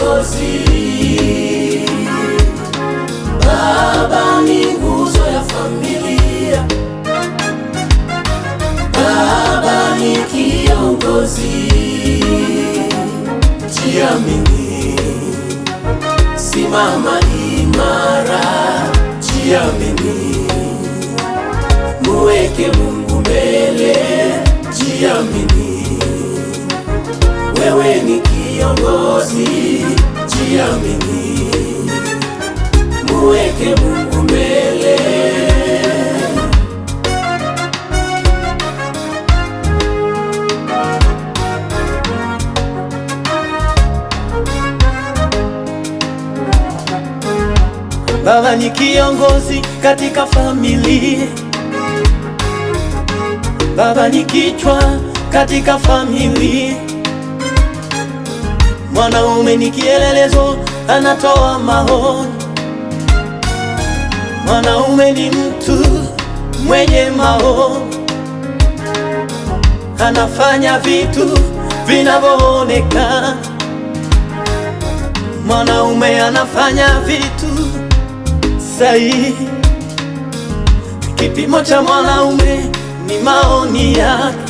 Mkombozi. Baba ni nguzo ya familia, Baba ni kiongozi. Jiamini, simama imara, jiamini, muweke Mungu mbele, jiamini, wewe ni viongozi, jiamini, muweke Mungu mbele. Baba ni kiongozi katika familia, baba ni kichwa katika familia Mwanaume ni kielelezo, anatoa maoni. Mwanaume ni mtu mwenye maoni, anafanya vitu vinavyoonekana. Mwanaume anafanya vitu sahihi. Kipimo cha mwanaume ni maoni yake.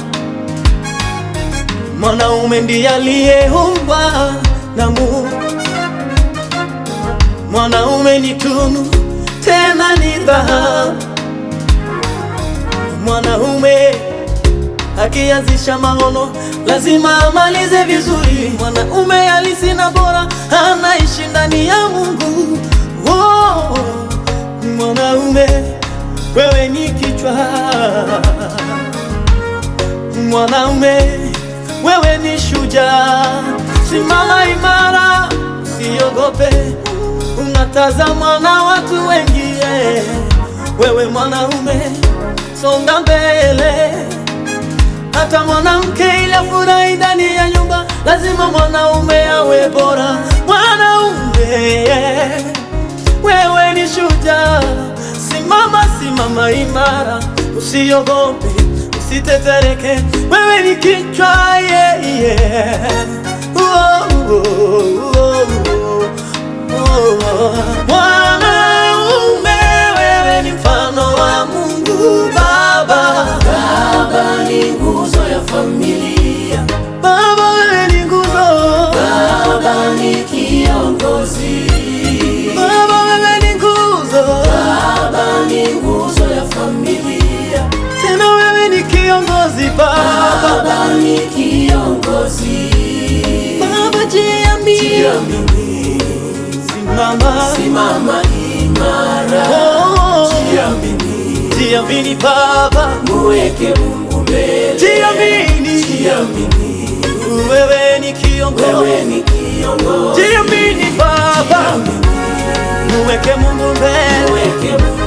Mwanaume ndiye aliyeumbwa na Mungu. Mwanaume ni tunu tena ni dhahabu. Mwanaume akianzisha maono lazima amalize vizuri. Mwanaume halisi na bora anaishi ndani ya Mungu. Oh, mwanaume wewe ni kichwa, mwanaume wewe ni shujaa, simama imara, usiogope. Unatazamwa na watu wengie wewe mwanaume, songa mbele. Hata mwanamke ile furahi ndani ya nyumba, lazima mwanaume awe bora. Mwanaume wewe ni shujaa, simama, simama imara, usiogope usitetereke, wewe ni kichwa yeah, yeah. wa familia. Baba ni nguzo. Baba ni kiongozi Niamini Baba, muweke Mungu mbele, jiamini, jiamini, wewe ni kiongozi, jiamini Baba, muweke Mungu mbele